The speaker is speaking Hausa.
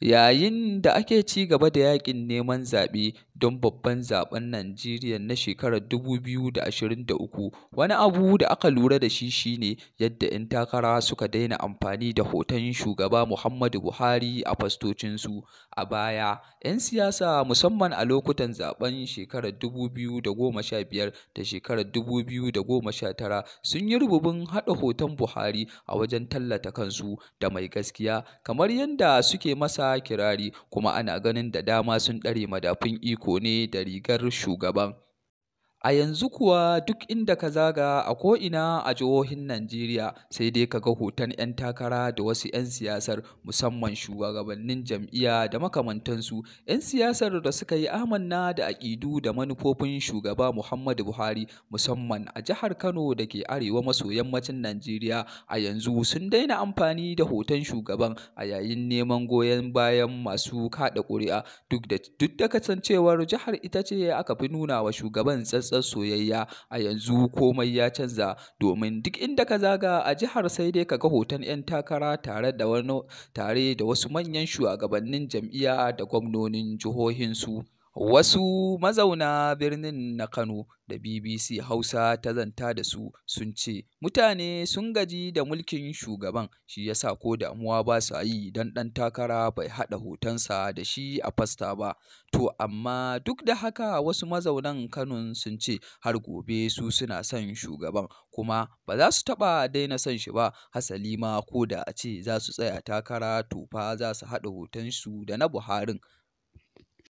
yayin da ake ci gaba da yaƙin neman zaɓe don babban zaɓen Najeriya na shekarar 2023. Wani abu da aka lura da shi shine yadda 'yan takara suka daina amfani da hoton shugaba Muhammadu Buhari a fastocinsu. A baya, 'yan siyasa musamman a lokutan zaɓen shekarar 2015 da shekarar 2019 sun yi rububin haɗa hoton Buhari a wajen tallata kansu da mai gaskiya kamar yadda suke masa kirari kuma ana ganin da dama sun ɗare madafun iko. ne da rigar shugaban A yanzu kuwa duk inda ka zaga a ko'ina a jihohin Najeriya sai dai ka ga hoton 'yan takara da wasu 'yan siyasar musamman shugabannin jam'iyya da makamantansu 'yan siyasar da suka yi amanna da aƙidu da manufofin shugaba Muhammadu Buhari musamman a jihar Kano da ke arewa maso yammacin Najeriya a yanzu sun daina amfani da hoton shugaban a yayin neman goyon bayan masu kaɗa ƙuri'a duk da kasancewar jihar ita ce aka fi nuna wa shugaban matsar soyayya a yanzu komai ya canza domin duk inda ka zaga a jihar sai dai kaga hoton 'yan takara tare da tare da wasu manyan shugabannin jam'iyya da gwamnonin jihohinsu. Wasu mazauna birnin na Kano da BBC Hausa ta zanta da su sun ce mutane sun gaji da mulkin shugaban shi ya sa ko damuwa ba su yi don ɗan takara bai haɗa hotonsa da shi a fasta ba. To amma duk da haka wasu mazaunan Kano sun ce har gobe su suna son shugaban kuma ba za su taɓa daina son shi ba hasali ma ko da a ce za su tsaya takara to fa za su haɗa hotonsu da na Buharin.